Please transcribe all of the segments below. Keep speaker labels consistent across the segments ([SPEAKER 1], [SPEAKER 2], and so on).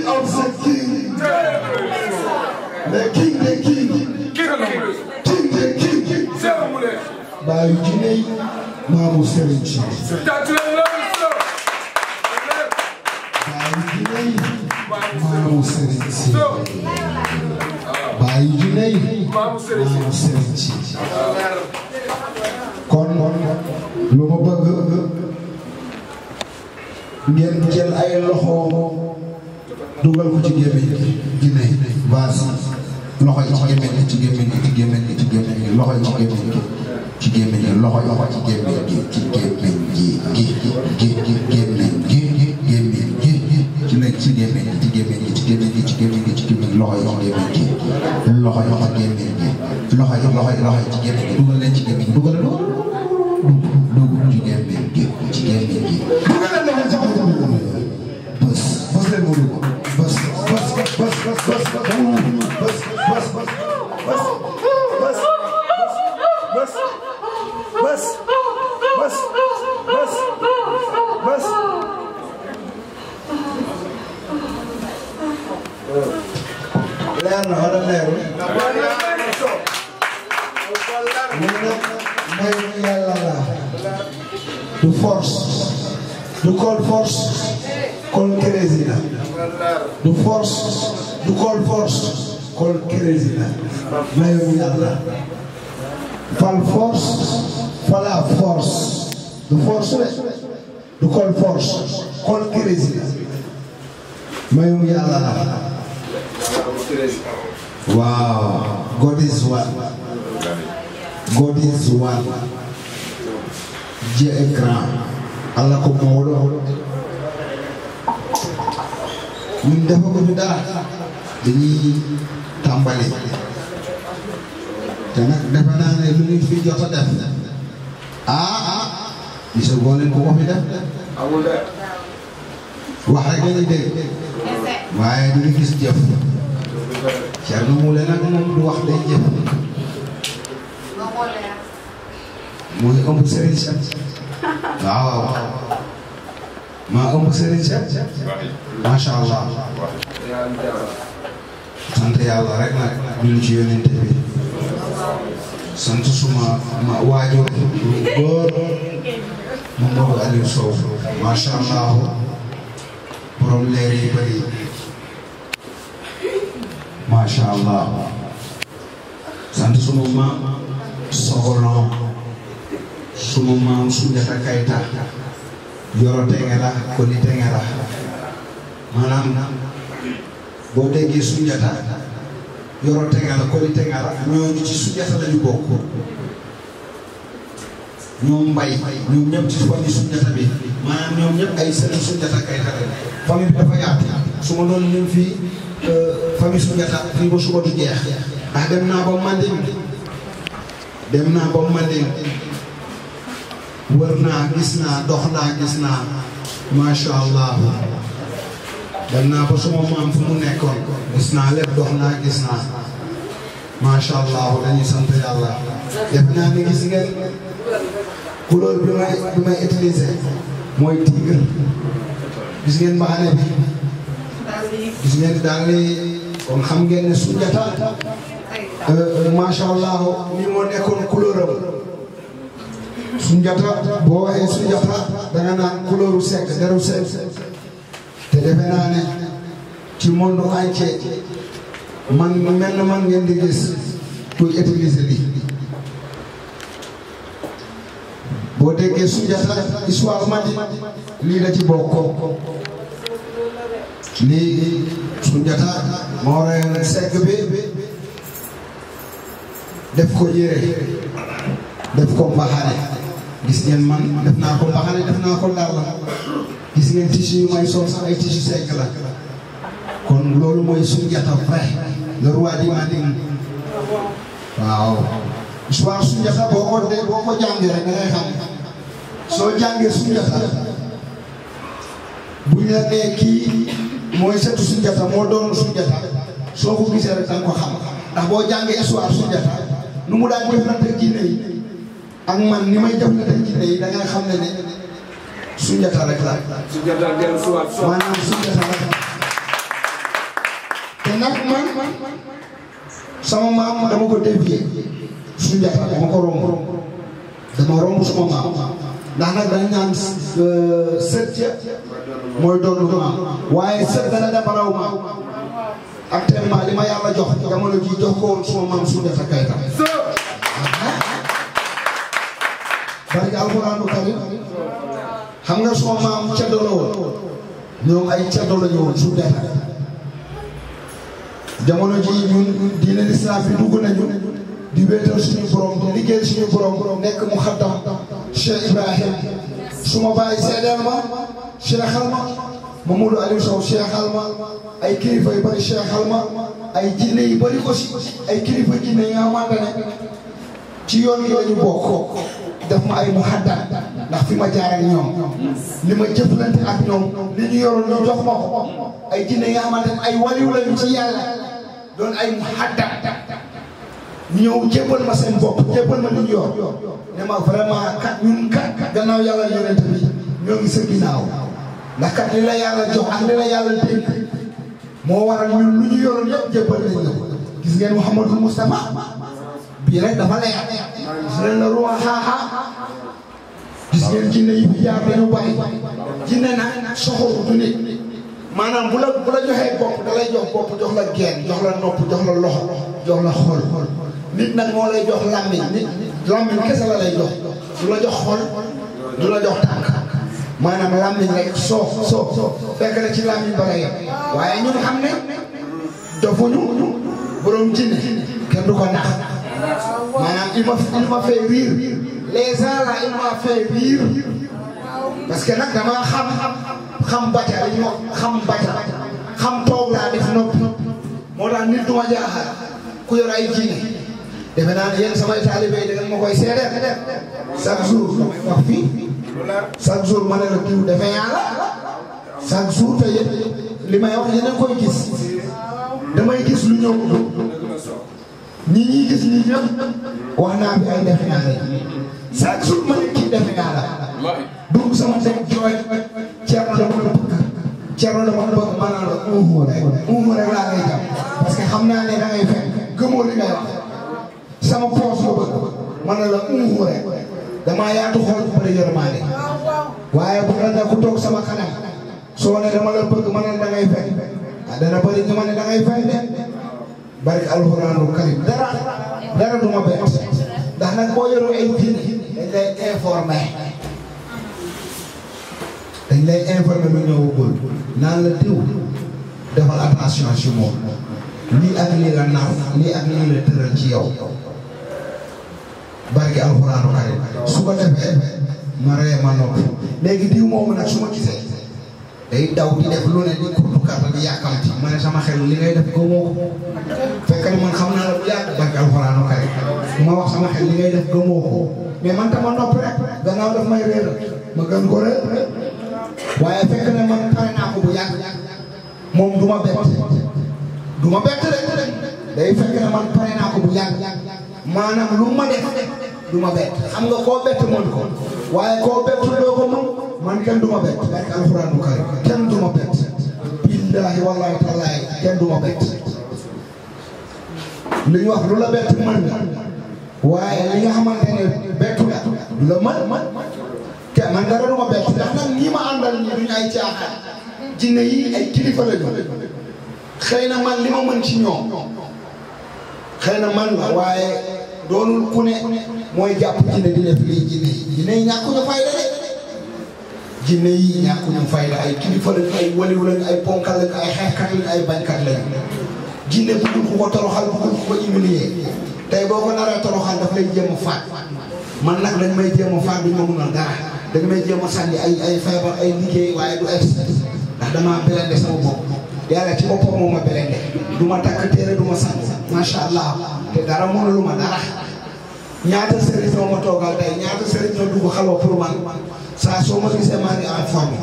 [SPEAKER 1] of the king.
[SPEAKER 2] Baay Jiney maamu Serigne
[SPEAKER 1] Cheikh. Baay Jiney
[SPEAKER 2] kon kon lu ma bëgg ngeen jël ay loxo. dugal ko ci gémmiñ gi ne vaas loxo yi ci gémmiñ gi ci gémmiñ gi ci gémmiñ gi ci gémmiñ gi loxo yi ci gémmiñ gi ci gémmiñ gi loxo loxo ci gémmiñ gi ci gémmiñ gi gi gi gi gémmiñ gi gémmiñ gi ci nekk ci gémmiñ gi ci gémmiñ gi ci gémmiñ gi ci gémmiñ gi ci gémmiñ loxo yi ci gémmiñ gi loxo loxo gémmiñ gi loxo yi loxo yi loxo yi ci gémmiñ gi dugal leen ci gémmiñ gi dugal dugal
[SPEAKER 1] dugg ci gémmiñ gi ci gémmiñ gi bas bas bas bas bas bas bas bas bas bas bas bas bas bas leer na wala leerul
[SPEAKER 2] mu ne may yàlla la du force du col force col crazy du force du col force col crazy la mayoom fal force fala force du force rek du col force col crazy la mayoom waaw God is one God is one Dieu est Allah ko moo doon ñun defa dara dañuy tàmbali te nag defe naa ne lu ñu fi jot def ah ah gisa goo leen ko ko fi def de wax rek lañuy dégg waaye duñu gis jëf Thierno nag moom du wax day jëf mooy ëmb sëriñ waaw waaw maa ëmb Serigne Seck. macha allah. sant yàlla rek nag ñun ci yonente bi. sant suma ma waajur bu góor moom moo ko Aliou Sow. macha allah borom leer yi bëri. macha allah. sant suma ma soxolon. suma maam Sunjata Kayta. yoro tengera koli tengera maanaam boo déggee sunjata yoro tengera koli tengera ci sunjata lañu bokk ñoom mbay ñoom ñëpp ci famille sunjata bi maanaam ñoom ñëpp ay sëriñ sunjata kay xale famille dafa yaatu su ma doon lim fii euh, famille sunjata fii ba suba du jeex ndax dem naa ba Manding dem naa ba Manding wër naa gis naa dox naa gis naa macha allah dem naa ba suma maam fu nekkoon gis naa lépp dox naa gis naa macha allah dañuy sant yàlla. def naa ni gis ngeen couleur bi may bi mooy tigre gis ngeen mbaxane bi gis ngeen daal di kon xam ngeen ne suñu jotaat euh, euh, allah ni moo nekkoon couleur Sunjata boo waxee Sunjata danga naan couleur sec deru sec te defe naa ne ci monde entier man mel man ngeen di gis kuy utiliser lii. boo déggee Sunjata histoire Madi lii la ci bokkoo lii Sunjata moo war a bi def ko yére def ko mbaxane gis ngeen man def naa ko baxale def naa ko daal la gis ngeen tissu yu may sol sax ay tissu cinq la kon loolu mooy Sunjata vrai le roi di Manding waaw histoire Sunjata boo ko dee boo ko jàngee rek da ngay kii mooy setu Sunjata moo doon Sunjata soo ko gisee rek yi ak man ni may jëm leen ci tey da ngay xam ne ne Sunjata rek la. Sunjata dellu si waat si waat maanaam Sunjata rek la. te nag man sama maam dama ko dévier Sunjata dama dañ naan euh, sët waaye sët dana dafa raw li ma yàlla jox jamono barke alxuraanu karim xam nga suma maam ceddo ñoom ay ceddo la su dee jamono ji ñun diine lislaam bi nañu di wéetal suñu borom liggéey suñu borom nekk mu xaddam Cheikh Ibrahim suma baay seedeel ma Cheikh Alma Mamadou Aliou Sow Cheikh Alma ay kilifa yu bari Cheikh Alma ay jinne yu bari ko si ay kilifa jinne yi nga xamante ne ci yoon yi la def ma ay muhadda ndax fi ma jaar ak ñoom li ma jëflante ak ñoom li ñu yoroon ñu jox ma ko ay jinne nga xamante ne ay waliw lañu ci yàlla doon ay muhadda ñëw jébbal ma seen bopp jébbal ma li ñu yor ne ma vraiment kat ñun kat gannaaw yàlla yonent bi ñoo ngi ndax kat li la jox ak li la yàlla dénk moo waral lu ñu yoroon yëpp jébbal nañ la gis ngeen Mouhamadou Moustapha bii
[SPEAKER 1] nee na ruwa xaaxaa
[SPEAKER 2] gis ngeen jinne yi fi jaar dañu bari jinne nag soxor du nit maanaam bu la bu la joxee bopp da lay jox bopp jox la geen jox la nopp jox la loxo jox la xol nit nag moo lay jox làmmiñ nit làmmiñ kese la lay jox du la jox xol du la jox tànk maanaam làmmiñ rek soo soo soo fekk na ci làmmiñ ba la yem waaye ñun xam ne dofuñu borom jinne kenn du ko nax
[SPEAKER 1] maanaam
[SPEAKER 2] il m'a il m'a fait rire les gens là il m'a fait rire parce que nag damaa xam xam bàcca li ñuy wax xam bàcca xam toog laa def noppi moo tax nit du ma jaaxal ku yor ay jiine defe naa ne yéen samay taalibe yi dangeen ma koy seedeel chaque jour wax fii chaque jour ma ne la diw defe yaa la chaque jour te yéen li may wax yéen a koy gis damay gis lu ñëw. ñi ñuy gis ñi ñëpp wax naa fi ay defe naa ne chaque jour ma ne kii defe naa la dugg sama dem jooy ceerno dama la bëgg ceerno dama la bëgg ma naan la uumu rek uumu rek laa lay jàpp parce que xam naa ne da ngay fekk gëmoo li ngay wax sama poos la bëgg ma ne la uumu rek damaa yaatu xool bu bëri yërmaande waaye bu la ne ku toog sama kanam soo ne dama la bëgg ma ne da ngay fekk ah dana bëri ñu ma ne da ngay fekk de barke alxuraanu karim dara dara du ndax nag boo yoroo ay jinn dañ lay informé dañ lay informé naan la diw defal ci moom lii ak alxuraanu karim su ko defee ma ree ma noppi léegi diw moomu nag su ma gisee day daw di def loolu di kuréel kàddu di yàkkamti ma sama xel li ngay def gëmoo ko na man xam naa la bu yàgg barke alxuraanu kare bu ma wax sama xel li ngay def gëmoo ko mais man tam ma nopp rek gannaaw daf may réer ma gën waaye fekk na man pare naa ko bu yàgg moom du ma ma bett ma def. du ma bett xam nga koo bett mën ko waaye koo bett doo ko mën man kenn du ma bett barke alxuraan bu karim kenn du ma bett billaahi wallaahi tallaahi kenn du ma bett li ñu wax lu la bett mën waaye li nga xamante ne bettu ma bett ndax nag ñi ma àndal ñi ay caaxaan jinne yi ay kilifa la xëy na man li ma mën ci ñoom xëy na man waaye doonul ku ne mooy jàpp jinne di def lii jinne yi jinne yi fayda de jinne yi ñàkkuñu fayda ay kilifa lañ ay waliw lañ ay ponkal lañ ay xeexkat lañ ay bañkat lañ jinne bëggul ku ko toroxal bëggul ku ko humilier tey boo ko naree toroxal daf lay a faat man nag dañ may jéem a faat duñ ma mun a dara dañ may jéem sànni ay ay feebar ay liggéey waaye du ay ndax damaa belende sama bopp yàlla ci boppam moo ma belende du takk téere du sànni macha allah te ñaata sëriñ ñoo ma toogal tey ñaata sëriñ ñoo dugg xalwa pour man saa soo ma gisee maa ngi en forme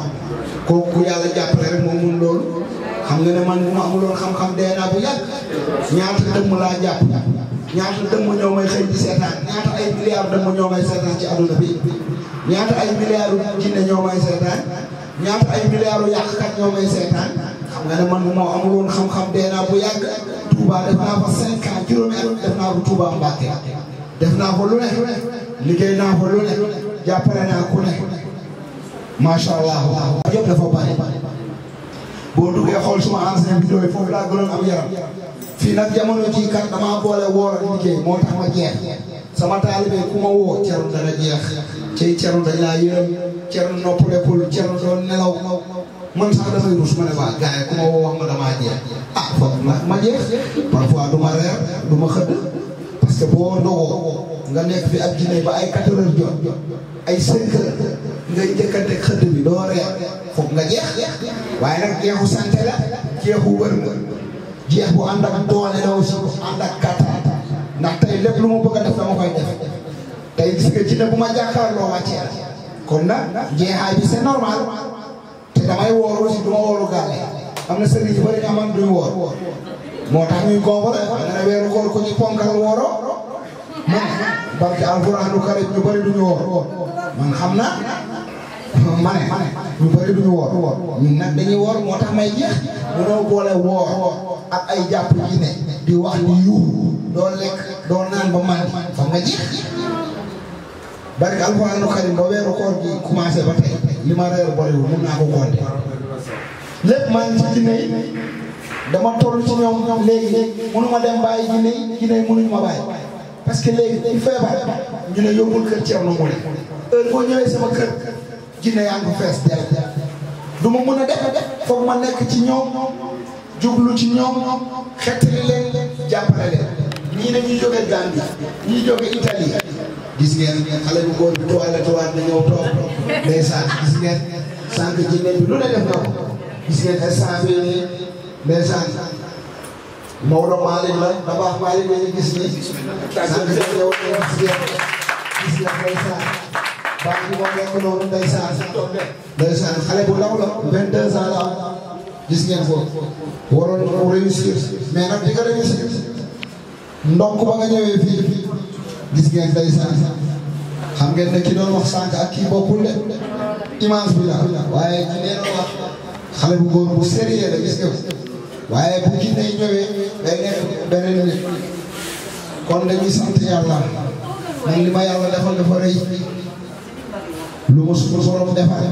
[SPEAKER 2] kooku yàlla jàppale rek moom mun loolu xam nga ne man bu ma amuloon xam-xam dee naa bu yàgg ñaata dëmm laa jàpp ñaata dëmm ñoo may xëy di seetaan ñaata bi ñaata ay milliards jinne xam nga ne bu ma amuloon xam-xam dee naa bu yàgg Touba def naa fa def naa ko lu ne liggéey naa ko lu ne jàppale naa ku ne macha allah yëpp dafa bari boo duggee xool suma ancien vidéo yi foofu laa gënoon am yaram fii nag jamono ji kat damaa boole woor ak liggéey moo tax ma jeex sama taalibe ku ma woo Thierno dana jeex cey Thierno dañ laa yërëm Thierno noppalekul Thierno doon nelaw man sax damay rus ma ne waa gars yi ku woo wax ma damaa jeex ah ma jeex parfois du ma reer du ma xëdd te boo ndogoo nga nekk fi ak jinne ba ay quatre heures jot ay cinq heures ngay jëkkante xëdd bi doo reer foog nga jeex waaye nag jeexu santé la jeexu wër wër jeex bu ànd ak doole la ak kattan ndax lépp lu ma bëgg def dama koy def nga jinne bu ma jàkkaarloo wàccee kon nag jeexaay bi c'est normal te damay woor aussi du ma wooru gaale am na sëriñ yu bëri ñu amoon duñ woor moo tax ñuy góob rek nga ne weeru koor ku ñu ponkal wooroo. man barke alxuraanu karim ñu bëri du ñu woor man xam naa ma ne ñu bëri du ñu woor ñun nag dañuy woor moo tax may jeex mu doo boole woor ak ay jàpp yi ne di wax di yuur doo lekk doo naan ba man fa nga jeex barke alxuraanu karim ba weeru koor gi commencé ba tey li ma reer bariwul mun naa ko compter lépp maa ngi ci jinne yi dama toll ci ñoom ñoom léegi léegi mënu ma dem bàyyi jinne yi jinne yi mënuñu ma bàyyi parce que léegi ku feebar ñu ne yóbbul kër Thierno Moule heure boo ñëwee sama kër jinne yaa ngi fees dell du ma mën a def foog ma nekk ci ñoom jublu ci ñoom xettali leen jàppale leen ne ñuy jóge Gambie ñuy jóge Italie gis ngeen xale bu góor bi tuwaale tuwaat na ñëw toog ndeysaan gis ngeen sànq jinne bi lu ne def na ko gis ngeen instant Maodo Malick la Dabakh Malick la ñu gis nii. naan bi dañu ñëw ñu gis ngeen gis ngeen ndeysaan. baax bi moo nekk noonu ndeysaan.
[SPEAKER 1] ndeysaan xale bu ndaw la 22 ans la am
[SPEAKER 2] gis ngeen ko waroon mu nag di nga réussir ndonk ba nga ñëwee fii gis ngeen ndeysaan xam ngeen ne ki doon wax sànq ak kii bokkul de image bi la waaye nee na wax xale bu góor bu sérieux la gis ngeen waaye bu jinne ñëwee day nekk beneen nit kon dañuy sant yàlla li ma yàlla defal dafa rëy lu ma suñu borom defal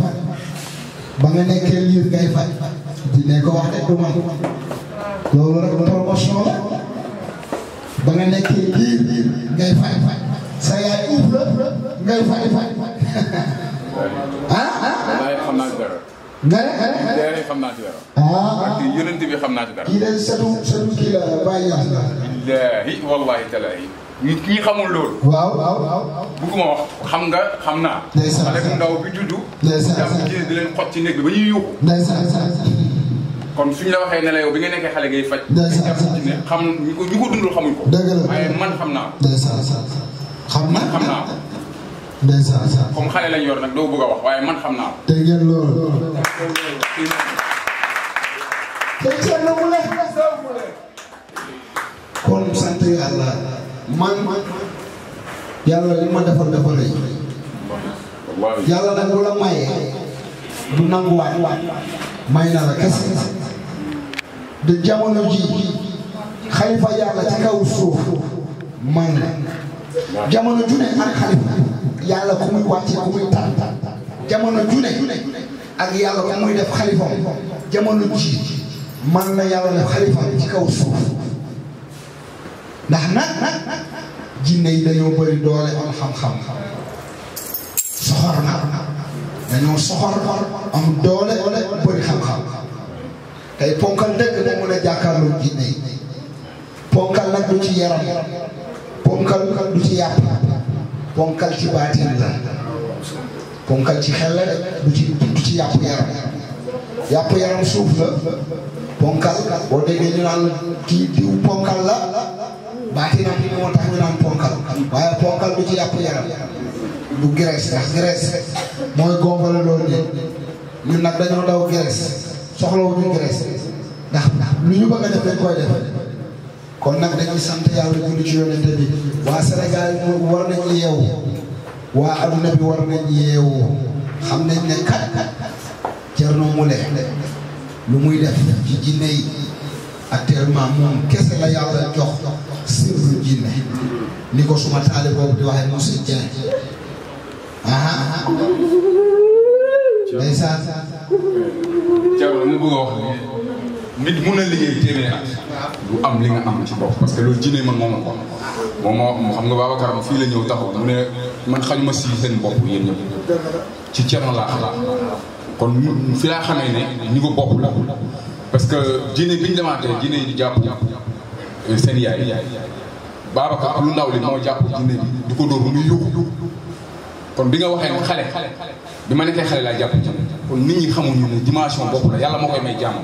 [SPEAKER 2] ba nga nekkee liir ngay faj dinañ ko wax rek du man loolu ba nga nekkee liir ngay faj faj sa yaay uuf la ngay faj faj
[SPEAKER 3] ah ah. ah. nga ne xam naa ci dara. ah kii yonent bi xam naa ci dara. kii de
[SPEAKER 2] setu setu kii la bàyyi ñax la.
[SPEAKER 3] billaahi wallaahi talaahi. nit ñi xamul loolu.
[SPEAKER 2] waaw waaw waaw.
[SPEAKER 3] bëgguma wax xam nga xam naa. ndeysaan xale bu ndaw bi juddu. ndeysaan jàpp ci di leen xot ci néeg bi ba ñuy yuuxu. ndeysaan kon suñu la waxee ne la yow bi nga nekkee xale ngay faj. ndeysaan jàpp ci ne xam ñu ko ñu ko dundul xamuñ ko. dëgg la waaye man xam naa. ndeysaan xam naa. ndeysaan sax comme xale lañ yor nag doo bëgg a wax waaye man xam naa ko.
[SPEAKER 2] ngeen loolu. te Thierno
[SPEAKER 1] Moule.
[SPEAKER 2] kon sant yàlla man man yàlla li ma defal dafa yàlla nag bu la maye. du nanguwaat may na la kese. de jamono ji xalifa yàlla ci kaw suuf man la jamono ju ne ak yàlla ku muy wàcce ku muy tar jamono june ak yàlla ku muy def xalifam jamono ji man na yàlla def xalifam ci kaw suuf ndax nag jinne yi dañoo bëri doole am xam-xam na dañoo tey ponkal dëgg da mën a jàkkaarloo jinne yi ponkal nag du ci yaram ponkal du ci yàpp ponkal ci baatin la ponkal ci xel la rek du ci du ci yàpp yaram yàpp yaram suuf la ponkal boo déggee ñu naan kii diw ponkal la baatinam bi moo tax ñu ponkal waaye ponkal du ci yàpp yaram du graisse ndax graisse mooy gonfale loolu ne ñun nag dañoo daw graisse soxlawuñu graisse ndax lu ñu bëgg a def dañ koy def kon nag dañuy sant yàlla julli ci yonente bi waa Sénégal war nañ yeewu waa aduna bi war nañ yeewu xam nañ ne kat Thierno Moule lu muy def ci jinne yi actuellement moom kese la yàlla jox sirru jinne ni ko suma taale boobu di waxee monsieur Dieng ah ndeysaan
[SPEAKER 3] Thierno mu bëgg a wax nit mun a liggéey téeméer at du am li nga am ci bopp parce que loolu jinne man moom ko moom moo xam nga Babacar ma fii la ñëw taxaw mu ne man xañuma si seen bopp yéen ñëpp ci Thierno laa xalaat fi laa xamee ne ñu ko bopp parce que jinne bi ñu demaatee jinne yi di jàpp seen yaay Babacar lu ndaw li moo jàpp jinne bi di ko dóor bu muy yóbbu kon bi nga waxee ne xale bi ma nekkee xale laa jàpp kon nit ñi xamuñu ne dimension bopp la yàlla moo koy may jàmm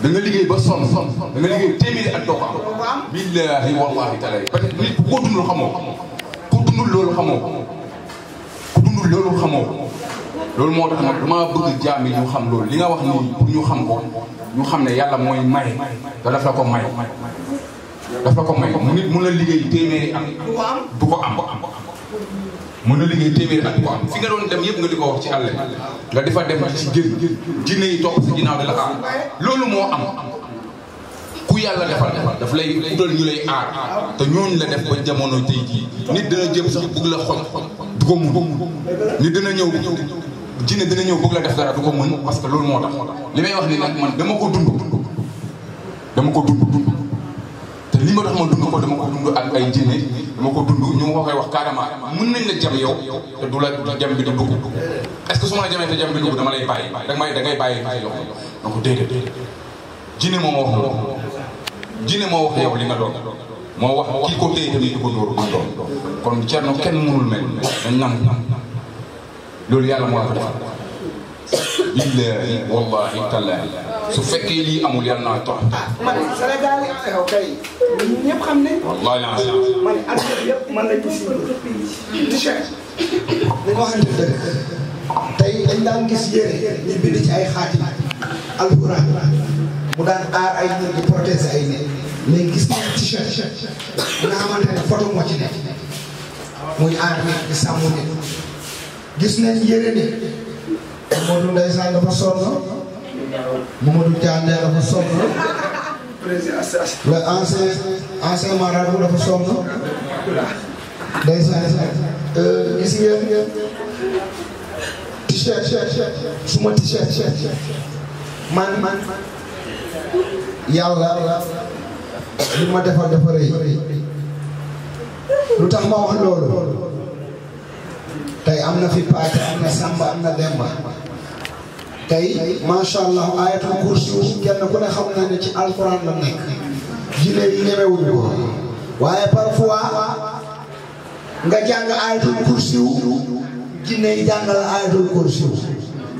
[SPEAKER 3] da nga liggéey ba sonn sonn da nga liggéey téeméeri at doo ko am. billaahi wallaahi talaay parce que nit ku ko dundul xamoo ku dundul loolu xamoo ku dundul loolu xamoo loolu moo tax nag dama bëgg jaam yi ñu xam loolu li nga wax nii pour ñu xam ko ñu xam ne yàlla mooy maye te daf la ko may daf la ko may mu nit mun a liggéey téeméeri at du ko am du ko am. mën na li téeméeri at ko am fi nga doon dem yëpp nga di ko wax ci àll nga di fa dem ci génn jinne yi topp si ginnaaw di la aar loolu moo am ku yàlla defal daf lay utal ñu lay aar te ñooñu la def ba jamono tey jii nit dana jëm sax bëgg la xoj du ko mun nit dana ñëw jinne dina ñëw bëgg la def dara du ko mun parce que loolu moo tax li may wax ni nag man dama ko dund dama ko dund dund li ma tax ma dund ko dama ko dund ak ay jinne dama ko dund ñu ma ko koy wax carrément mën nañ la jam yow te du la jam bi du dugg est ce que su ma la jamee te jam bi dugg dama lay bàyyi da may da ngay bàyyi ci yow donc déedéet jinne moo ma wax loolu jinne moo wax yow li nga doon moo wax kii ko téye tamit di ko dóor ma doon kon Thierno kenn mënul mel dañ nam loolu yàlla moo la ko billahi wallahi tallahi lii amul yal naa toog. Ah,
[SPEAKER 2] man Sénégal yow kay ñëpp xam ne. wallaahi naa man àdduna yëpp mën nañu si t-shirt. dañu waxante dëgg tey dañ daan gis yére ñu bind ci ay xaatim alxuraan mu daan aar ay nit di protéger ay gis nañ t-shirt nga xamante ne photo moo ci muy aar nit gis nañ yére nit. Mamadou ndeysaan dafa sonn. Mamadou Diagne dafa sonn. le ancien ancien marabout dafa sonn. ndeysaan euh, gis ngeen t-shirt suma t-shirt man man yàlla li ma defal dafa rëy lu tax ma wax loolu tey am na fi paaka am na samba am na demba tey macha allah ayatul kursi kenn ku ne xam na ci alquran la nekk. jinne yi ñemewuñu ko waaye parfois nga jàng ayatul kursi jinne yi jàngal ayatul kursi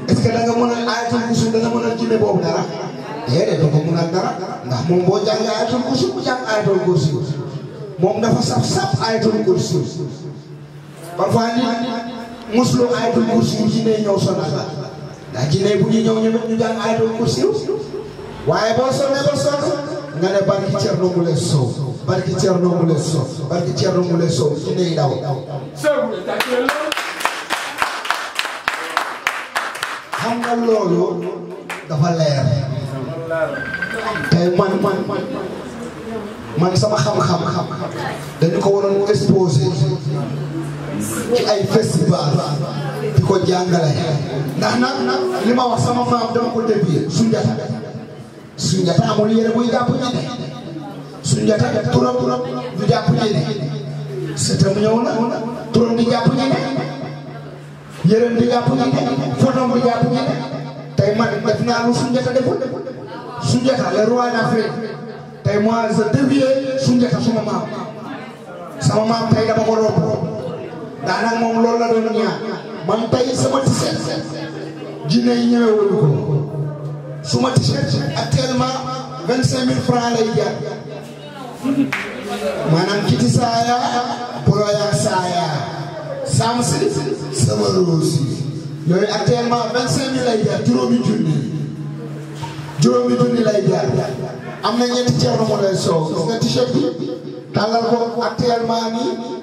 [SPEAKER 2] est ce mën a ayatul kursi da nga mën a jàng ayatul kursi bu jàng ayatul kursi moom dafa saf saf ayatul kursi parfois nit muslu ayatul kursi jinne ñëw sonal ndax jinne bu ñu ñëw ñu ñu jàng ayatul kursi waaye boo sonnee ba sonn nga ne barki Thierno Moule Sow barki Thierno Moule Sow barki Thierno Moule Sow jinne yi daw. xam loolu dafa leer tey man man man sama xam-xam dañu ko waroon exposé. ay festival di ko jàngale ndax nag li ma wax sama maam dama ko déggee Sunjata Sunjata amul yére buy jàpp ñene Sunjata turam turam du jàpp ñene setam ñëw na turam di jàpp ñene yéreem di jàpp ñene fotom di jàpp ñene tey man def naa lu Sunjata deful Sunjata le roi d'Afrique a moi je dévié Sunjata sama maam sama maam tey ko romb daanaka moom loolu la doon ñaan man tey sama t-shirt jinne yi ñëwewuñu ko suma t-shirt actuellement vingt cinq mille francs lay jar maanaam kiti saaya poroya saaya saam si sama roosi yooyu actuellement vingt cinq mille lay jar juróomi junni juróomi junni lay jar am na ñetti ceerno moo lay soow gis nga t-shirt tàllal ko actuellement nii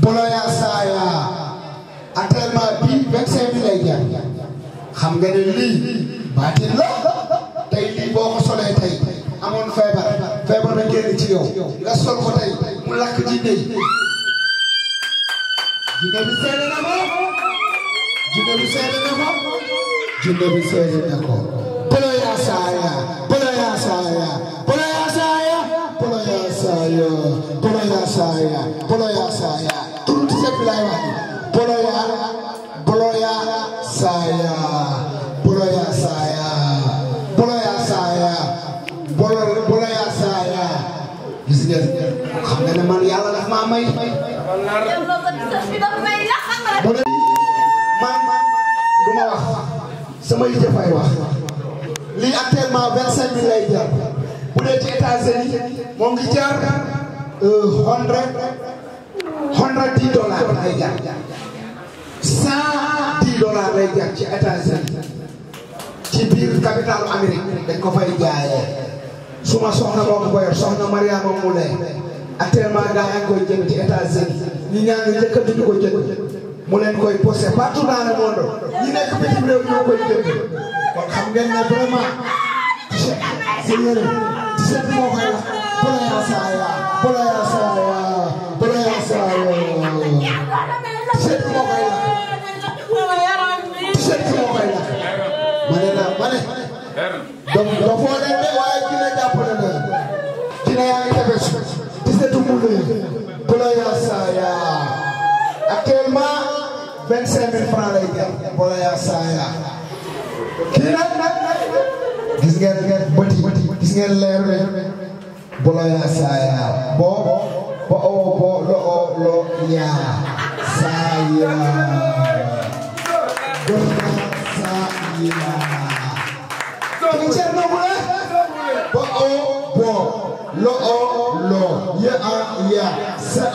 [SPEAKER 2] boloya saaya actuellement bii vingt-cinq mille lay jar xam nga ne lii baatin la tey lii boo ko solee tey amoon feebar feebar ba génn ci yow nga sol ko tey mu lakk jinne yi
[SPEAKER 1] jinne bi seede na ko jinne bi seede na ko
[SPEAKER 2] jinne bi seede na ko boloya saaya boloya saaya saya boloya saya turu ti sëpp laay wax boloya boloya saya boloya saya boloya saya boloya saya gis nga xam nga ne man yàlla daf maa may man du ma wax sama yite fay wax lii actuellement vingt cinq mille lay jar bu dee ci États-Unis moo ngi jar hundred hundred dollars lay jar cent dix dollars lay jar ci États-Unis ci biir capitale Amérique dañ ko fay jaayee suma soxna moo ko yor soxna Mariama Moulay actuellement gaa yaa ngi koy jënd ci États-Unis ñi ñaan ngi njëkk duñu ko jënd mu leen koy posé partout dans le monde ñi nekk bitim réew
[SPEAKER 1] ñoo koy jënd kon xam ngeen ne vraiment t-shirt moo koy wax
[SPEAKER 2] vingt-cinq mille francs lay jar wala yaa saa yaa kii nag nag gis ngeen ngeen bët yi gis ngeen leer boloya saya bo bo o bo lo o lo ya saya
[SPEAKER 1] boloya saya Kami cerno mula bo o
[SPEAKER 2] bo lo o lo ya ya sa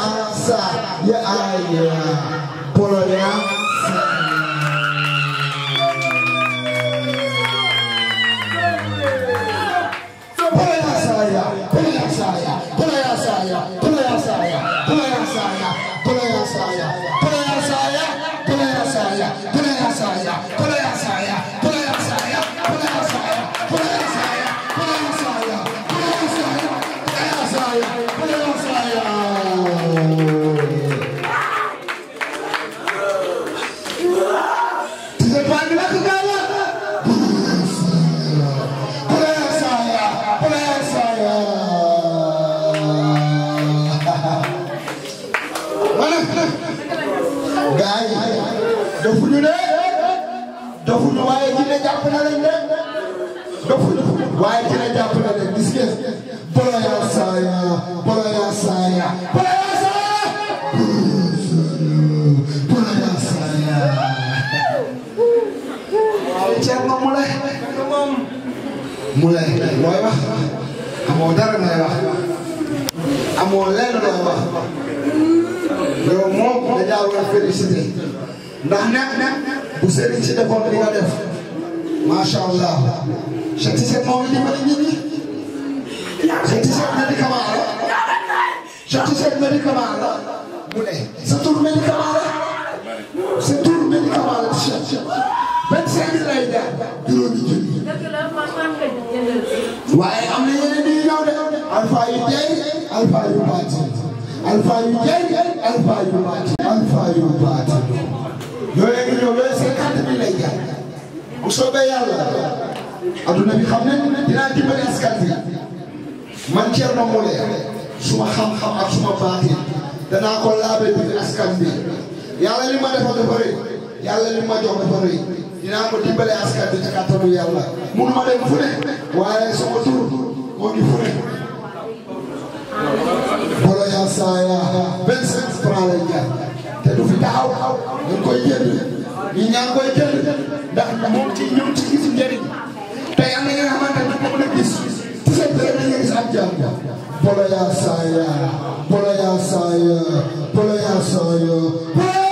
[SPEAKER 2] mu ne looy wax amoo dara looy wax
[SPEAKER 1] amoo lenn looy wax loolu moom
[SPEAKER 2] dañaa war a félicité ndax nag bu sëriñ si defoon li nga def macha allah Cheikh Cissé moom la dimbali nit ñi Cheikh Cissé médicament
[SPEAKER 1] la Cheikh Cissé médicament la mu ne sa tur médicament la sa tur médicament la Cheikh vingt-cinq mille lay jaar juróomi junni
[SPEAKER 2] waaye am na yeneen yu ñëw de alpha yu tey alpha yu baati alpha yu tey alpha yu baati alpha yu baati yooyu ngi ñëw yooyu cinquante mille lay jaay bu soobee yàlla adduna bi xam ne dinaa dimbali askan bi man Thierno Moule suma xam-xam ak suma baatin danaa ko laabe biir askan bi yàlla li ma defal dafa rëy yàlla li ma jox dafa rëy dinaa ko dimbale askan bi ci kàttanu yàlla munuma dem fu ne waaye sama tur moo ngi fu ne bolo yaa saa yaa vingt-cinq te du fi taxaw ñu ngi koy jënd ñu ñaa ngi koy jënd ndax moom ci ñoom ci gis njëriñ tey am nga xamante ne yaa saa yaa yaa saa yaa yaa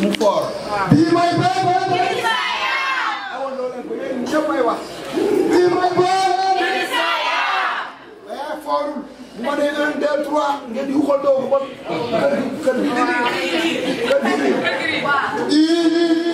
[SPEAKER 2] mu fort.
[SPEAKER 1] bii mooy bébé. Idrissa Yaya. amoon loolu
[SPEAKER 2] ko yéen ñëpp ay wax.
[SPEAKER 1] bii mooy bébé.
[SPEAKER 2] Idrissa Yaya. waaye
[SPEAKER 1] fortul. bu
[SPEAKER 2] ma nee un deux trois ngeen di xuxal doo ko bon. kër gi kër
[SPEAKER 1] gi kër gi.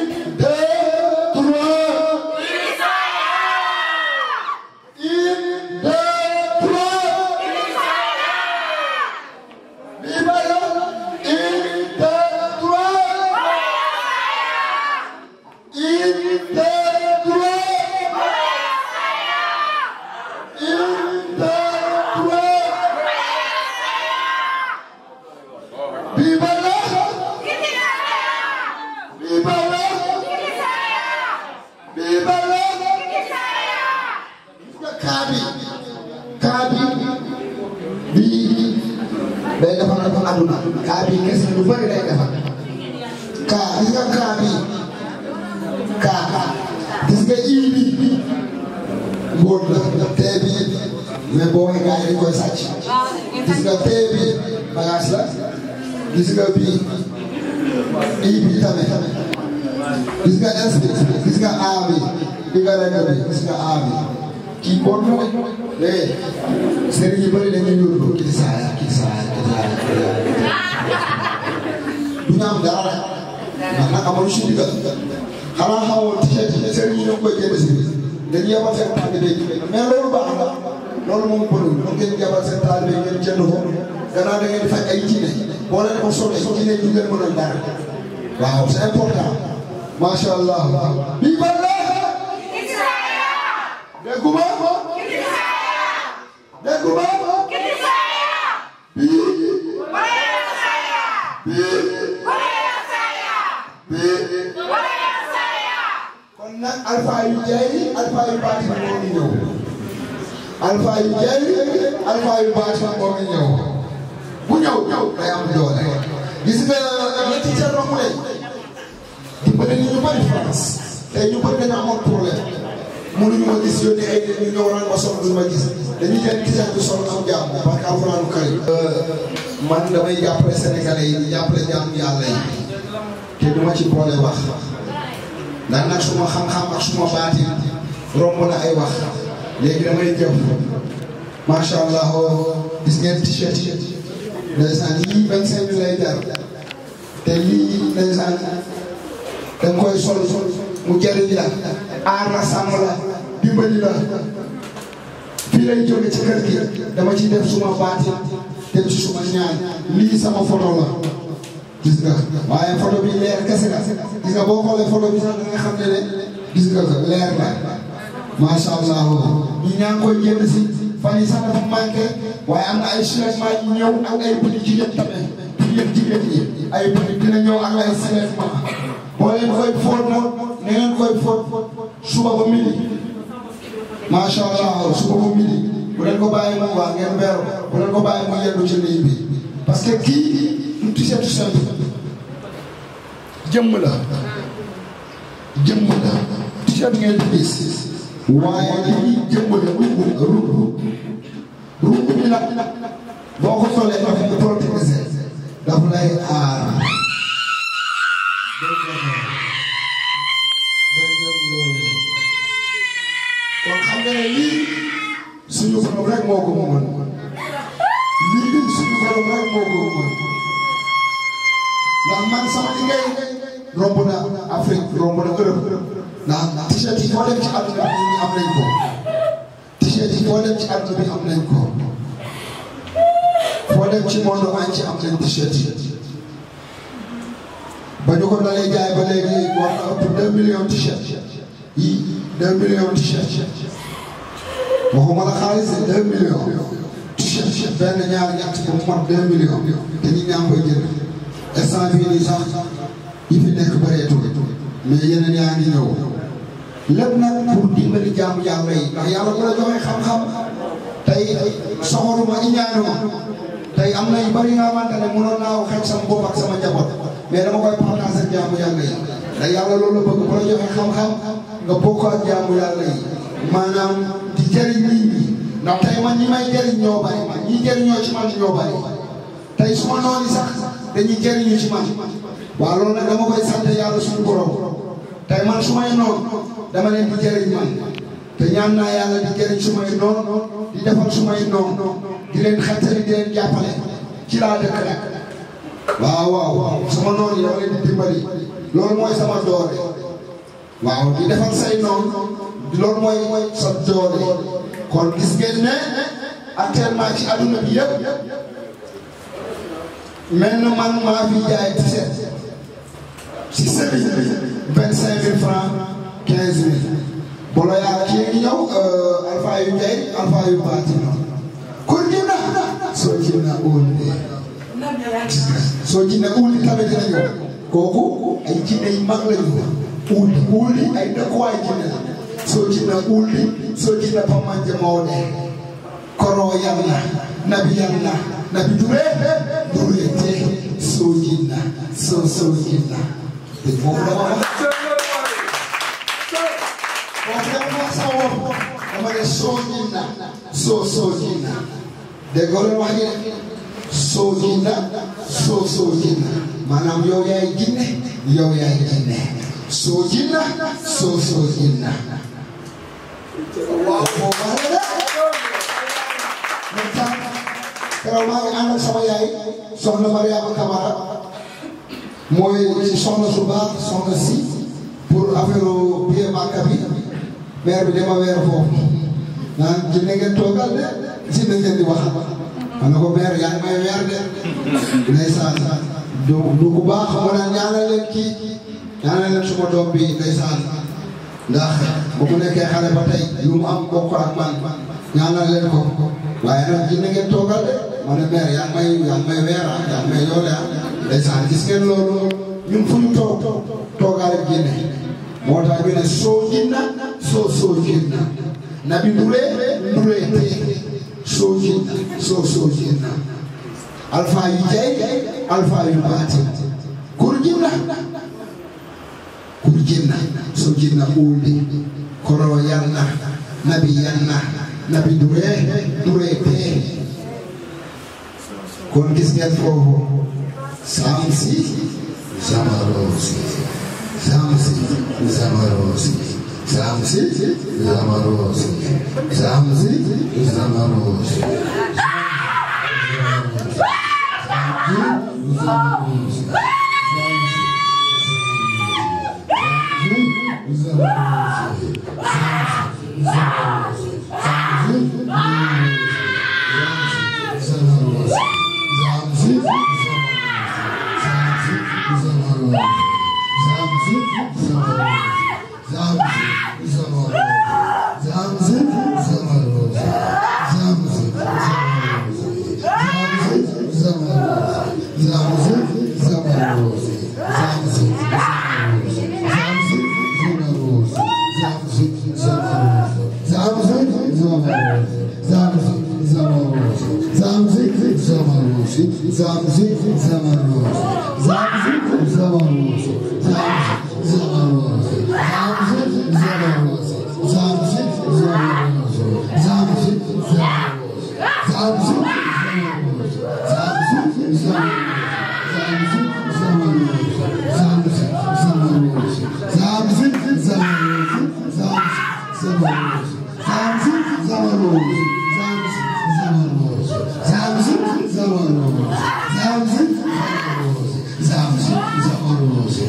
[SPEAKER 2] soo fi nekk du ngeen mënal dara waaw c'est important macha
[SPEAKER 1] allah. bii ba léegi. Kitisaya. dégguma. Kitisaya. dégguma. Kitisaya. bii. wala Saya. bii. wala Saya. bii. wala Saya. kon nag alpha yu jeey alpha yu baati bi moo ngi ñëw.
[SPEAKER 2] alpha yu jeey alpha yu baati bi moo ngi ñëw. bu ñëw ñëw day am gis nga ñetti Thierno Moule di bëri ni ñu bëri France tey ñu bëri dañu amoon problème mënuñu ma gis yónnee ay nit ñu ñëw naan ma sol duñu ma gis dañuy jël tisaan bi sol am jàmm barke alxuraanu karim euh, man damay jàppale sénégalais yi jàppale jàmm yàlla yi te du ma ci boole wax ndax nag suma xam-xam ak suma baati romb na ay wax léegi damay jëf macha allah gis ngeen t-shirt ndeysaan yii vingt cinq mille lay jar te lii mu jëriñ la aar la sàmm la dimbali la fii lay jóge ci kër gi dama ci def suma baati dem ci suma ñaan lii sama photo la gis nga waaye photo bi leer kese la gis nga boo xoolee photo bi sax da nga xam ne ne gis leer la macha allah ñi ñaa koy jënd si fan yi sax dafa manqué waaye am na ay soulèvement yu ñëw ak ay petit jigéen tamit jigéen jigéen yi ay petit dina ñëw ak ay soulèvement boo leen koy fóot moom ne leen koy fóot suba ba midi macha allah suba ba midi bu leen ko bàyyi mu waa ngeen beeru bu leen ko bàyyi mu yeddu ci lii bi parce que kii du tisee tout simple jëmm la jëmm la tisee ngeen di gis waaye lii jëmm la ruub ruub ruum bi nag boo ko solee nga xam ne protéine
[SPEAKER 1] daf lay aar. kon xam nga ne lii
[SPEAKER 2] suñu borom rek moo ko moomal lii suñu borom rek moo ko moomal ndax man sama liggéey romb na Afrique romb na Europe ndax t-shirt yi foo dem ci àdduna bi am nañ foo dem ci àdduna bi am nañ ko foo dem ci monde entier am nañ t-shirt yi ba ñu ko dalee jaay ba léegi war na ëpp deux million t-shirt yi deux millions t-shirt waxuma la xaalis deux millions t-shirt benn ñaar ñett ba mu mat deux millions te ñi ñaa ngi koy jënd instant bii nii sax yi fi nekk bëreetul mais yeneen yaa ngi ñëw lépp nag pour dimbali jaamu yàlla yi ndax yàlla bu la joxee xam-xam tey soxoruma iñaanuma tey am na yu bëri nga xamante ne mënoon naa wax xeeb sama bopp ak sama njaboot mais dama koy jaamu yàlla yi ndax yàlla di jëriñ nit ñi ndax tey man ñi may jëriñ ñoo bëri man ñi jëriñoo ci man ñoo bëri tey su ma noonu sax dañuy jëriñu ci man loolu nag dama koy sant yàlla suñu borom tey man su may dama leen di jëriñ man te ñaan naa yàlla di jëriñ su may noonu di defal su may noonu di leen xettali di leen sama noonu di waaw di defal say noonu loolu mooy sa doole kon gis ngeen ne actuellement ci adduna bi yëpp mel na man maa fi jaay ti
[SPEAKER 1] si sëb yi vingt cinq mille
[SPEAKER 2] quinze mille bu la yàlla kii ngi yu njëy alpha yu baatina
[SPEAKER 1] kon ñu na na
[SPEAKER 2] óol soo ci na óol tamit dina ñëw ay jinne yu mag la ñu óol óol ay dëkkuwaay soo ci na óol soo ci na pamanje Maodo koroo yàlla nabi yàlla nabi duree duree te soo
[SPEAKER 1] soo soo jinna dëgg boobu dama ko. waaw vraiment
[SPEAKER 2] sama bopp dama ne soo maanaam yow yaay jinne yow yaay jinne soo ñin na soo soo ñin na. waaw boo baaxee la. man tam keroog maa ngi ànd ak sama yaay soxna Mariama Camara. mooy ci soxna su baax soxna si pour affaire biir Màkka bi weer bi dama weer foofu ah dina ngeen toogal de si ngeen di wax ko meer yaa ngi may de ndeysaan bu baax ma ne ñaanal leen kii bi ndeysaan ndax mu nekkee xale ba ak ma ne meer yaa may yaa may weer ah yaa may yoole ah ndeysaan gis ngeen loolu ñun fu ñu toog toogaale jinne moo tax ñu ne soo soo soo jinna na bi nduree nduree tee soo jinna soo yanna nabi yanna nabi nduree nduree tee kon gis foofu Samsi Zamarosi. Samsi Zamarosi. Samsi Zamarosi. Samsi
[SPEAKER 1] Zamarosi. Thank you. ዛግዚ ዘመኑ ዛግዚ Zamsi, Zamsi,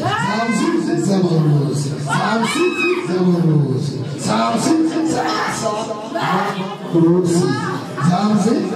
[SPEAKER 1] Zamsi, Zamsi,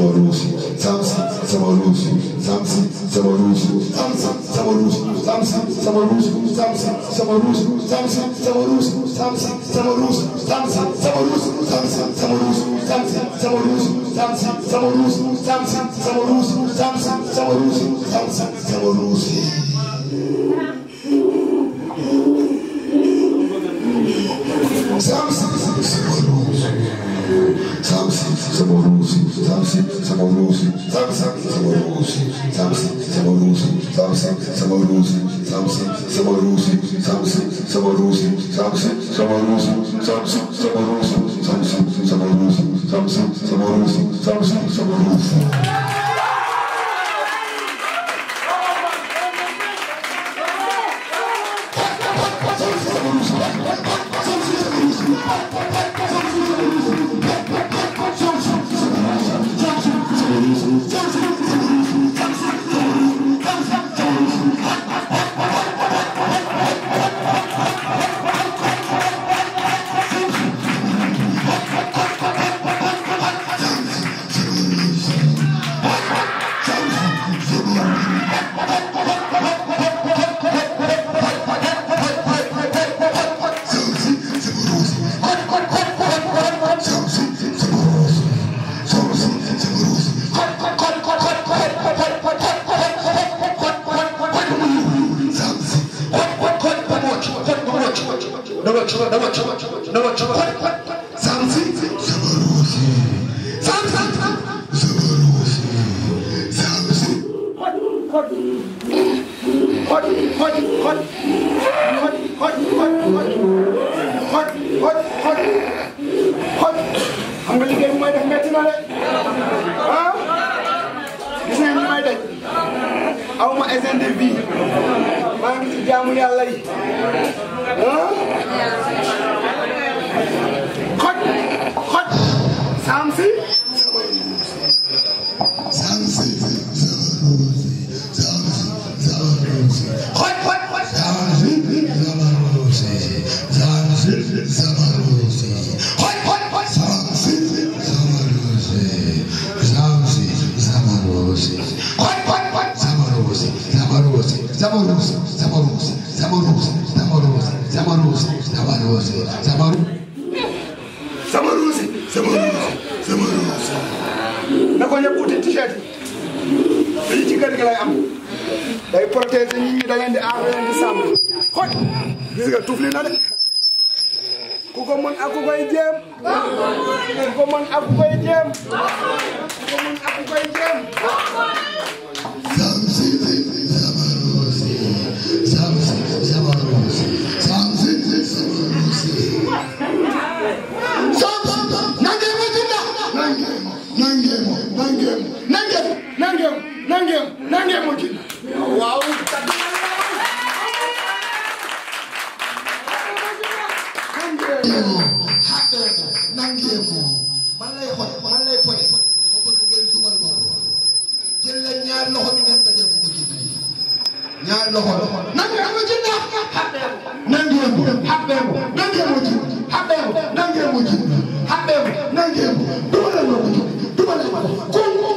[SPEAKER 1] sama ruus Samson sama ruus Samson sama ruus Samson sama ruus Samson sama ruus Samson sama ruus Samson sama ruus Samson sama ruus Samson sama ruus Samson sama ruus Samson sama ruus Samson sama ruus Samson sama ruus Samson sama ruus Samson sama ruus Samson, Samarusi, Samson, Samarusi, Samson, Samarusi, Samson, Samarusi, Samson, Samarusi, Samson, Samarusi, Samson, Samarusi, Samson, Samarusi, Samson, Samarusi, Samson, Samarusi, Samson, Samarusi. คนคน
[SPEAKER 2] คนคนคนคนคนคนคนคนคนคน xam nga liggéey bu may def métti na de ah gis ngeen li may def aw ma hygiène de vie maa ngi ci jaamu yàlla yi ah. Zamorose, Zamorose, Zamorose, Zamorose, Zamorose, Zamorose, Zamorose.
[SPEAKER 1] Zamorose, Zamorose, Zamorose.
[SPEAKER 2] na ko ñëpp uti t-shirt yi ci kër am day protéger nit ñi da di aar leen di sàmm xool gis nga tuuf li na de ku ko mën ku koy jéem
[SPEAKER 1] ku ko mën ku koy jéem
[SPEAKER 2] nangeem nangeem mu ji waaw. man lay xool man lay poñe ma bëgg ngeen dugal boobu jël la ñaar loxo bi ngeen bëggee ko ji ñaar loxo loxo.
[SPEAKER 1] nangeem mu ji nangeem mu ji nangeem mu ji nangeem mu ji dugal la ma ko dugal la ma ko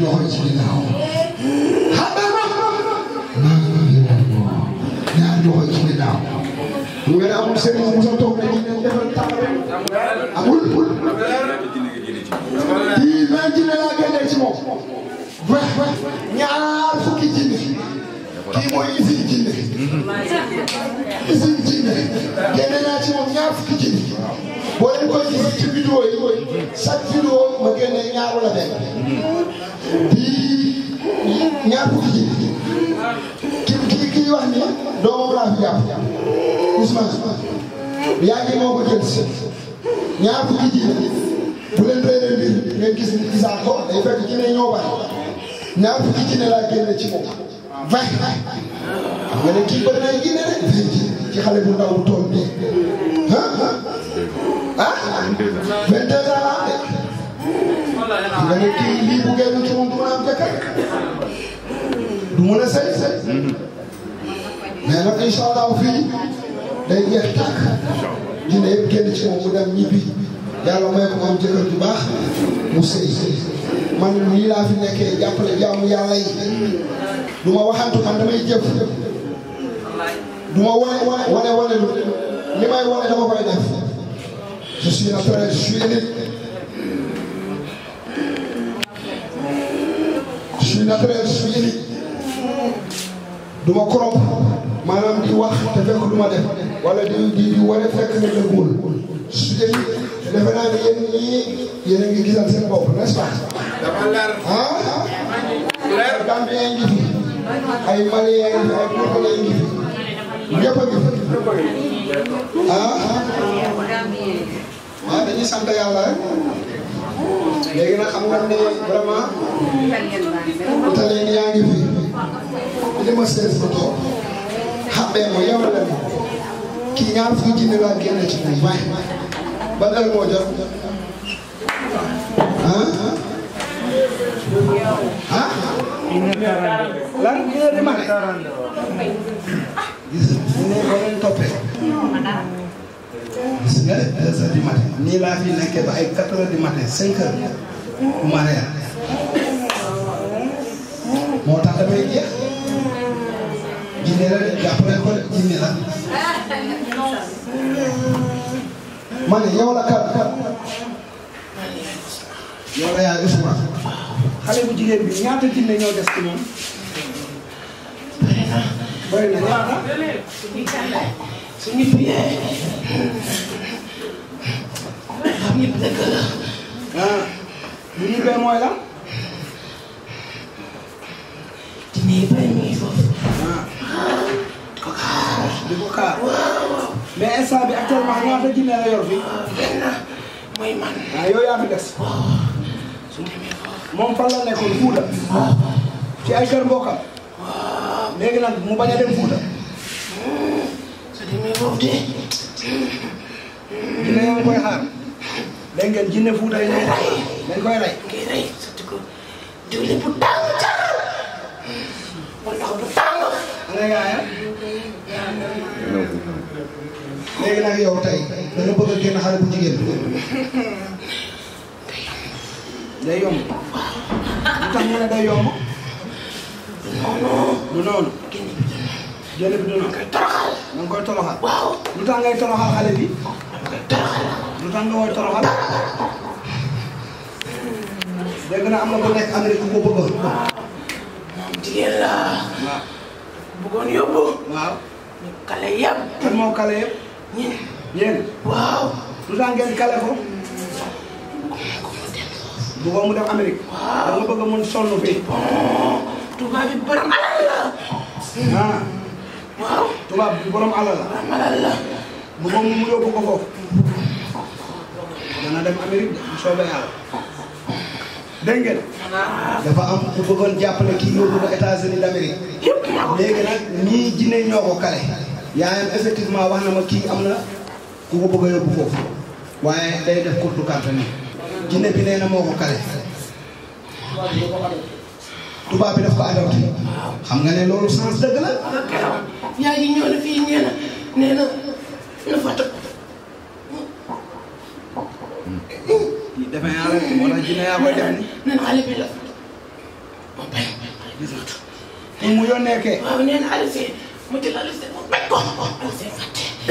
[SPEAKER 2] Lord is with now. Now Lord is with now. Where I'm saying, I'm not talking in different time.
[SPEAKER 3] I will put the
[SPEAKER 2] imagine I get it more. ñaar fukki jinne
[SPEAKER 1] kii mooy isin jinne
[SPEAKER 2] isin jinne génne naa ci moom ñaar fukki jinne boo leen koy gis ci vidéo yi chaque vidéo ma génne ñaar wala benn di ñaar fukki ji ki ki wax ni doomam laa fi jàpp Ousmane yaa ngi moo ko jël si ñaar fukki ji bu leen réeree mbir ngeen gis ni gisaat ko day fekk ci ne ñaar fukki ji ne laa génne ci moom vingt nga ne kii bëri na génne rek ci xale bu ndaw bu
[SPEAKER 1] tool bi ne kii lii bu génn ci moom du mën a am jëkkër
[SPEAKER 2] du mën a sëy sëy mais nag
[SPEAKER 1] incha allah fii
[SPEAKER 2] day jeex tàkk dina yëpp génn ci moom mu dem ñibbi yàlla may ko am jëkkër ju baax mu sëy sëy man nii laa fi nekkee jàppale jaamu yàlla yi du ma waxantu man damay jëf du ma wane wane wane wane lu li may wane dama koy def je suis après je suis nit naturel suñu émi du ma korop maanaam di wax te fekk du def wala di di di fekk nga dëggul
[SPEAKER 1] suñu émi defe naa ne yéen ñii yéen a ngi gisal seen bopp n'est-ce ah.
[SPEAKER 2] leer Gambien ngi fi ay Malien ngi fi ay Burkinabé ngi fi ñëpp a ngi fi ah. ah dañuy sant yàlla rek.
[SPEAKER 1] léegi nag xam nga ne
[SPEAKER 2] vraiment italien yaa li ma seet ma toog xàmmee ma yow la ma kii ñaar fukki junni laa ci moom waaye ban moo jot ah ah
[SPEAKER 3] lan li ne gis toppee
[SPEAKER 2] gis nga deux heures du matin nii laa fi nekkee ba ay quatre heures du matin cinq heures ma reer moo tax damay
[SPEAKER 1] jeex jinne la de jàpp nañ ko de jinne la
[SPEAKER 2] ma yow la kan kan yow la yaay Ousmane xale bu jigéen bi ñaata jinne ñoo des ci moom bëri na ñaata suñu prière xam ñëpp dëgg la. ah li ñu béy mooy lan. dinañ béy muy foofu. bi actuellement ñaata jinne la yor fii. benn mooy man. moom fan la nekkoon Fuuta. ci ay kër mbokkam. léegi mu bañ a jinne foofu de. jinne yaa ngi koy xaar. dégg ngeen jinne fuuta yi ñuy rey dañ koy rey. ngay rey sotti ko diwli bu tàng jaral. wala ndox bu tàng. ana yaaya. léegi nag yow tey da nga bëgg a génn xale bu jigéen. day yomb. lu tax mu ne day yomb. non non du noonu. jële bi dina. koy toroxal. na koy toroxal. lu tax ngay toroxal xale bi. koy toroxal. lu tax nga koy toroxal. dégg naa am na ku nekk Amérique ku ko bëggoon. moom jigéen la. waaw. ko. bëgg mun sonn fii.
[SPEAKER 1] tubaab bi borom alal la.
[SPEAKER 2] ah. tubaab bi borom alal la. borom alal la. mu moom mu yóbbu ko foofu. dana dem Amérique bu soobee yàlla. dégg dafa am ku bëggoon jàppale kii yóbbu ko États-Unis d'Amérique. léegi nag ñii jinne ñoo ko kale. yaayam effectivement wax na ma kii am na ku ko bëgg a yóbbu foofu. waaye day def courte campagne. jinne bi nee na moo ko kale. tubaab bi daf ko adopté xam nga ne loolu sens
[SPEAKER 1] dëgg la.
[SPEAKER 3] yaa ngi ñëw na fii nee na nee na
[SPEAKER 1] na fa tëb.
[SPEAKER 2] dafay àll yaa koy def nee na xale bi la. moom bañ mu yónnee kee. waaw nee na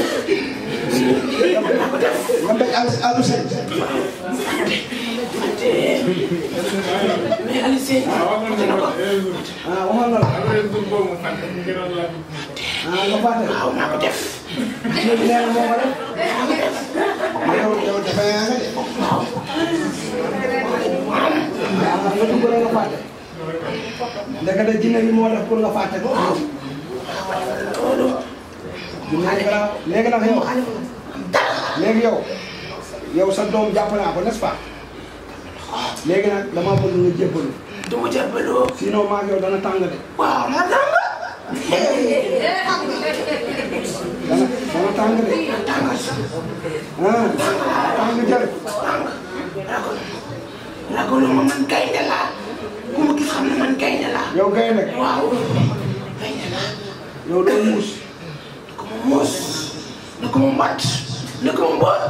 [SPEAKER 2] man dañ Aliou Aliou Seye.
[SPEAKER 1] mais Aliou Seye. ah waxoon na la. ah nga fàtte. waaw naa ko def. léegi nee
[SPEAKER 2] na moo ko def. yow yow dafa yaa
[SPEAKER 1] nga de. waaw. waaw nga dugg rek nga fàtte.
[SPEAKER 2] ndekete jinne yi moo def pour nga fàtte ko. waaw. léegi nag léegi nag yow léegi yow yow sa doom jàpp naa ko n'est-ce pas léegi nag damaa bëgg nga jébbalu. du ma jébbalu. sinon maa ngi yow dana tàng de. waaw
[SPEAKER 1] dana tàng. dana dana tàng de. tàng si. ah tàng jël. tàng ragal
[SPEAKER 2] ragal ma man gaynde laa ku ma gis xam ne man gaynde laa. yow gaynde. waaw gaynde laa. yow doo muus. muus lu ko mu mat lu ko mu mboot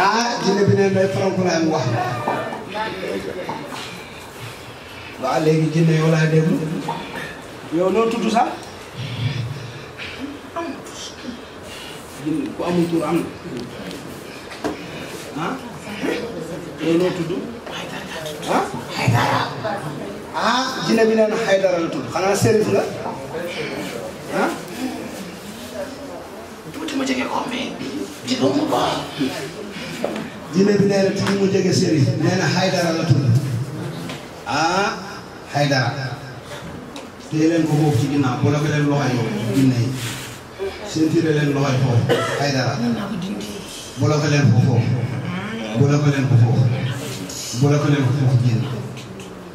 [SPEAKER 2] ah jinne bi neen day faram-faraay mu wax waaw léegi jinne yow laay déglu yow jënd ku amul tur am na ah loolu noo tudd
[SPEAKER 1] ah Haydara
[SPEAKER 2] ah jinne bi nee na Haydara la tudd xanaa sérif nga ah tuuti ma jege di ba mu baax jinne bi nee na tuuti mu jege sérif nee na Haydara la tudd ah Haydara téye leen ko foofu ci ginnaaw bu la ko leen loxo yow séntiré leen loxoy foofu ay dara bloqué leen ko foofu bloqué leen ko foofu bloqué leen ko foofu génn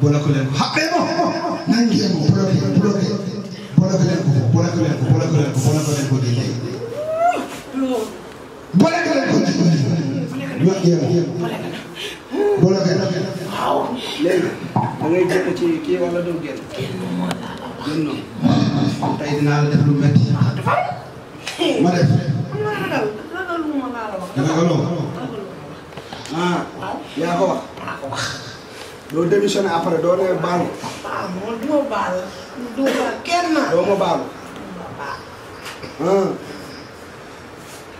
[SPEAKER 2] bloqué leen ko xàppee
[SPEAKER 1] moom naa ngi yem bloqué bloqué
[SPEAKER 2] bloqué leen ko foofu bloqué leen ko bloqué leen ko bloqué leen ko dindi bloqué leen ko dindi ñoo yem bloqué waaw léegi da ngay jëkk ci kii wala doo génn génn moo la wax génn tey dinaa la def lu métti
[SPEAKER 1] ma def. dama
[SPEAKER 2] ah. yaa ko wax. yaa ko wax. doo ne baalu.
[SPEAKER 1] ah ma baal. du ma baal kenn naa.
[SPEAKER 2] doo ma baalu.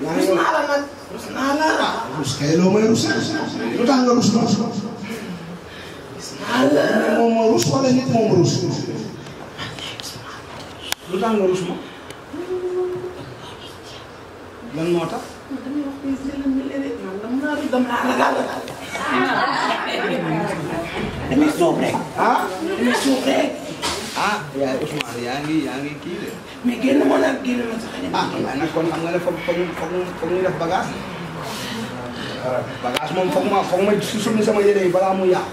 [SPEAKER 2] rus naa
[SPEAKER 1] la rus naa rus kay rus. lu rus rus rus. rus
[SPEAKER 2] la. moom moo rus wala rus. lu tax rus ma. lan moo tax.
[SPEAKER 3] damay wax fii si lan léeg-léeg man damay sóob
[SPEAKER 2] yaay Ousmane yaa ngi yaa ngi kii de. mais génn moo nag génn ma sax a ah waaye nag kon xam nga ne foog foog foog ñu def bagage. bagage moom foog ma sa ma suñu yi balaa mu yàqu.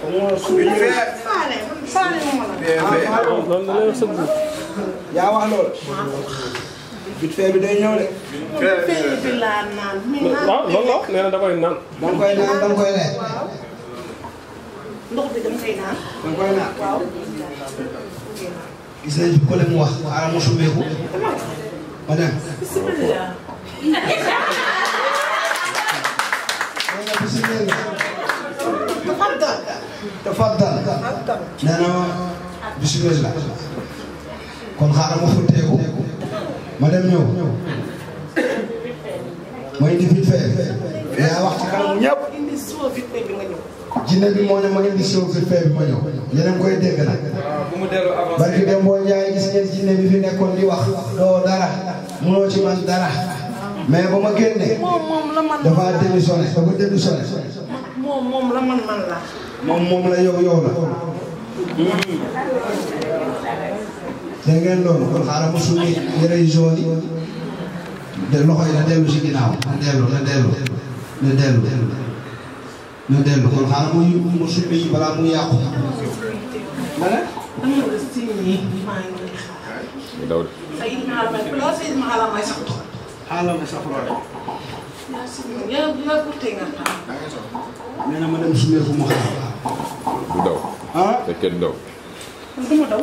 [SPEAKER 2] waaw ah, suñu yére.
[SPEAKER 1] faale faale moom
[SPEAKER 2] la. Ah, yaa wax loolu. bit fee bi day ñëw de. waaw loolu
[SPEAKER 3] la nee na da koy naan. da nga koy
[SPEAKER 1] naan da nga koy leen. ndox bi da nga koy naan. da nga koy naan waaw.
[SPEAKER 3] gis nañu ko leen wax
[SPEAKER 2] ala ma sumbeeku. ma dem. bisimilah. tafaddal. nee na bisimilah. kon xaaral ma futteeku. ma dem ñëw ma indi vite fait yaa wax ci kanam ñëpp jinne bi moo ne ma indi soo vite fait bi ma ñëw yéen a ngi koy dégg nag barki dem boo njaay gis ngeen jinne bi fi nekkoon di wax doo dara munoo ci man dara mais ba ma génne dafa démissionné dafa démissionné
[SPEAKER 3] moom moom la man man la moom
[SPEAKER 2] moom la yow yow la
[SPEAKER 3] hmm.
[SPEAKER 2] dégg ngeen loolu kon xaaral ma suñu yére yu jaune yi de loxo yi na dellu si ginnaaw na dellu na dellu na dellu na dellu kon xaaral ma yu ma suñu yi balaa muy yàqu.
[SPEAKER 3] ma ne. nee na ma dem suñu yëfu mu xaaral. du daw. ah te kenn daw. du ma daw.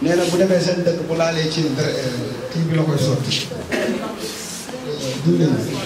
[SPEAKER 2] nee na bu demee seen dëkk bu laalee ci euh, kii bi la koy sotti. diwlin